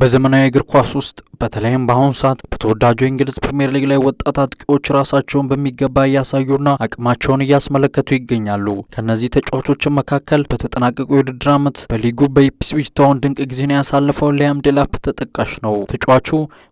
በዘመናዊ እግር ኳስ ውስጥ በተለይም በአሁኑ ሰዓት በተወዳጁ የእንግሊዝ ፕሪምየር ሊግ ላይ ወጣት አጥቂዎች ራሳቸውን በሚገባ እያሳዩና አቅማቸውን እያስመለከቱ ይገኛሉ። ከእነዚህ ተጫዋቾችን መካከል በተጠናቀቁ የውድድር ዓመት በሊጉ በኢፕስዊች ታውን ድንቅ ጊዜን ያሳለፈው ሊያም ዴላፕ ተጠቃሽ ነው። ተጫዋቹ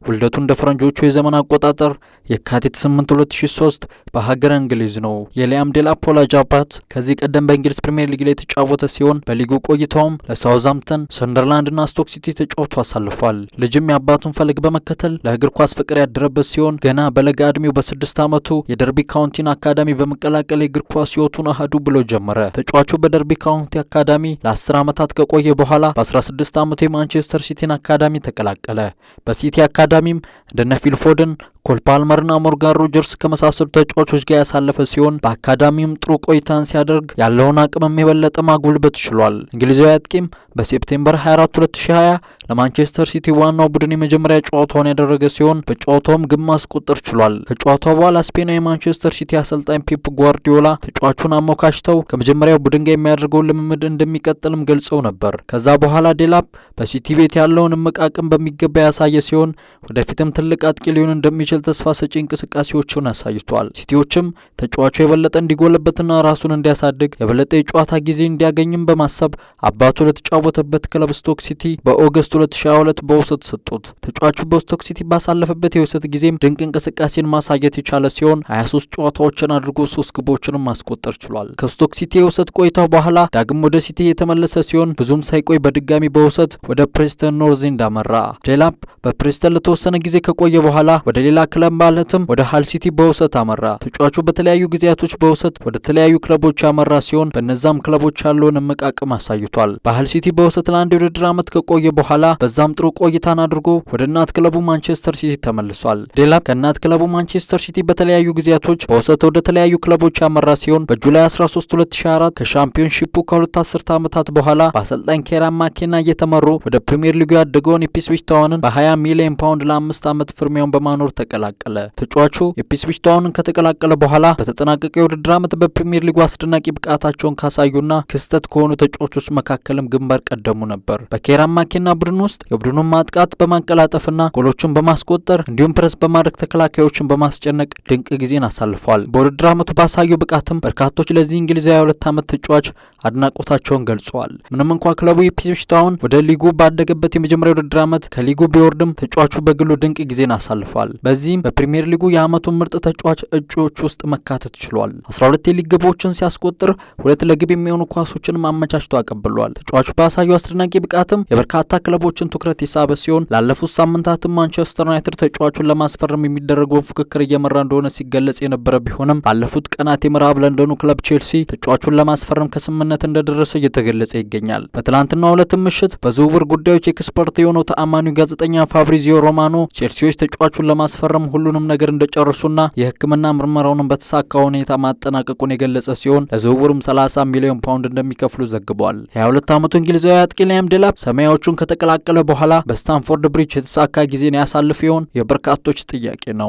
ውልደቱ እንደ ፈረንጆቹ የዘመን አቆጣጠር የካቲት 8 2003 በሀገር እንግሊዝ ነው። የሊያም ዴላፕ ወላጅ አባት ከዚህ ቀደም በእንግሊዝ ፕሪምየር ሊግ ላይ የተጫወተ ሲሆን በሊጉ ቆይታውም ለሳውዝሃምፕተን፣ ሰንደርላንድና ስቶክ ሲቲ ተጫውቶ አሳልፏል። ልጅም የአባቱን ፈለግ በመከተል ለእግር ኳስ ፍቅር ያደረበት ሲሆን ገና በለጋ እድሜው በስድስት ዓመቱ የደርቢ ካውንቲን አካዳሚ በመቀላቀል የእግር ኳስ ህይወቱን አህዱ ብሎ ጀመረ። ተጫዋቹ በደርቢ ካውንቲ አካዳሚ ለአስር ዓመታት ከቆየ በኋላ በ16 ዓመቱ የማንቸስተር ሲቲን አካዳሚ ተቀላቀለ። በሲቲ አካዳሚም እንደነ ፊል ፎደን ኮል ፓልመርና ሞርጋን ሮጀርስ ከመሳሰሉ ተጫዋቾች ጋር ያሳለፈ ሲሆን በአካዳሚውም ጥሩ ቆይታን ሲያደርግ ያለውን አቅምም የበለጠ ማጉልበት ችሏል። እንግሊዛዊ አጥቂም በሴፕቴምበር 24 2020 ለማንቸስተር ሲቲ ዋናው ቡድን የመጀመሪያ ጨዋታውን ያደረገ ሲሆን በጨዋታውም ግብ ማስቆጠር ችሏል። ከጨዋታው በኋላ ስፔናዊ የማንቸስተር ሲቲ አሰልጣኝ ፔፕ ጓርዲዮላ ተጫዋቹን አሞካሽተው ከመጀመሪያው ቡድን ጋር የሚያደርገውን ልምምድ እንደሚቀጥልም ገልጸው ነበር። ከዛ በኋላ ዴላፕ በሲቲ ቤት ያለውን እምቅ አቅም በሚገባ ያሳየ ሲሆን ወደፊትም ትልቅ አጥቂ ሊሆን እንደሚችል ተስፋ ሰጪ እንቅስቃሴዎችን አሳይቷል። ሲቲዎችም ተጫዋቹ የበለጠ እንዲጎለበትና ራሱን እንዲያሳድግ የበለጠ የጨዋታ ጊዜ እንዲያገኝም በማሰብ አባቱ ለተጫወተበት ክለብ ስቶክ ሲቲ በኦገስቱ 2022 በውሰት ሰጡት። ተጫዋቹ በስቶክ ሲቲ ባሳለፈበት የውሰት ጊዜም ድንቅ እንቅስቃሴን ማሳየት የቻለ ሲሆን 23 ጨዋታዎችን አድርጎ ሶስት ግቦችንም ማስቆጠር ችሏል። ከስቶክ ሲቲ የውሰት ቆይታው በኋላ ዳግም ወደ ሲቲ የተመለሰ ሲሆን ብዙም ሳይቆይ በድጋሚ በውሰት ወደ ፕሬስተን ኖርዝ እንዳመራ ዴላፕ በፕሬስተን ለተወሰነ ጊዜ ከቆየ በኋላ ወደ ሌላ ክለብ ማለትም ወደ ሃል ሲቲ በውሰት አመራ። ተጫዋቹ በተለያዩ ጊዜያቶች በውሰት ወደ ተለያዩ ክለቦች ያመራ ሲሆን በነዛም ክለቦች ያለውን እምቅ አቅም አሳይቷል። በሃል ሲቲ በውሰት ለአንድ የውድድር ዓመት ከቆየ በኋላ በዛም ጥሩ ቆይታን አድርጎ ወደ እናት ክለቡ ማንቸስተር ሲቲ ተመልሷል። ዴላፕ ከእናት ክለቡ ማንቸስተር ሲቲ በተለያዩ ጊዜያቶች በውሰት ወደ ተለያዩ ክለቦች ያመራ ሲሆን በጁላይ 13 2024 ከሻምፒዮንሺፑ ከሁለት አስርተ ዓመታት በኋላ በአሰልጣኝ ኬራ ማኬና እየተመሩ ወደ ፕሪምየር ሊጉ ያደገውን የፒስዊች ታውንን በ20 ሚሊዮን ፓውንድ ለአምስት ዓመት ፍርሚያውን በማኖር ተቀላቀለ። ተጫዋቹ የፒስዊች ታውንን ከተቀላቀለ በኋላ በተጠናቀቀ የውድድር ዓመት በፕሪምየር ሊጉ አስደናቂ ብቃታቸውን ካሳዩና ክስተት ከሆኑ ተጫዋቾች መካከልም ግንባር ቀደሙ ነበር። በኬራ ማኬና ቡድን ቡድን ውስጥ የቡድኑን ማጥቃት በማቀላጠፍና ጎሎቹን በማስቆጠር እንዲሁም ፕረስ በማድረግ ተከላካዮችን በማስጨነቅ ድንቅ ጊዜን አሳልፏል። በውድድር ዓመቱ ባሳየው ብቃትም በርካቶች ለዚህ እንግሊዛዊ ሁለት ዓመት ተጫዋች አድናቆታቸውን ገልጸዋል። ምንም እንኳ ክለቡ ኢፕስዊች ታውን ወደ ሊጉ ባደገበት የመጀመሪያ ውድድር ዓመት ከሊጉ ቢወርድም ተጫዋቹ በግሉ ድንቅ ጊዜን አሳልፏል። በዚህም በፕሪምየር ሊጉ የዓመቱ ምርጥ ተጫዋች እጩዎች ውስጥ መካተት ችሏል። 12 የሊግ ግቦችን ሲያስቆጥር ሁለት ለግብ የሚሆኑ ኳሶችንም አመቻችቶ አቀብሏል። ተጫዋቹ ባሳዩ አስደናቂ ብቃትም የበርካታ ክለ ክለቦችን ትኩረት የሳበ ሲሆን ላለፉት ሳምንታትም ማንቸስተር ዩናይትድ ተጫዋቹን ለማስፈረም የሚደረገውን ፉክክር እየመራ እንደሆነ ሲገለጽ የነበረ ቢሆንም ባለፉት ቀናት የምዕራብ ለንደኑ ክለብ ቼልሲ ተጫዋቹን ለማስፈረም ከስምምነት እንደደረሰ እየተገለጸ ይገኛል። በትላንትናው ዕለት ምሽት በዝውውር ጉዳዮች ኤክስፐርት የሆነው ተአማኒው ጋዜጠኛ ፋብሪዚዮ ሮማኖ ቼልሲዎች ተጫዋቹን ለማስፈረም ሁሉንም ነገር እንደጨረሱና የሕክምና ምርመራውንም በተሳካ ሁኔታ ማጠናቀቁን የገለጸ ሲሆን ለዝውውሩም 30 ሚሊዮን ፓውንድ እንደሚከፍሉ ዘግቧል። የ22 ዓመቱ እንግሊዛዊ አጥቂ ላይም ደላፕ ሰማያዎቹን ከጠቅላ ከተቀላቀለ በኋላ በስታንፎርድ ብሪጅ የተሳካ ጊዜን ያሳልፍ ይሆን? የበርካቶች ጥያቄ ነው።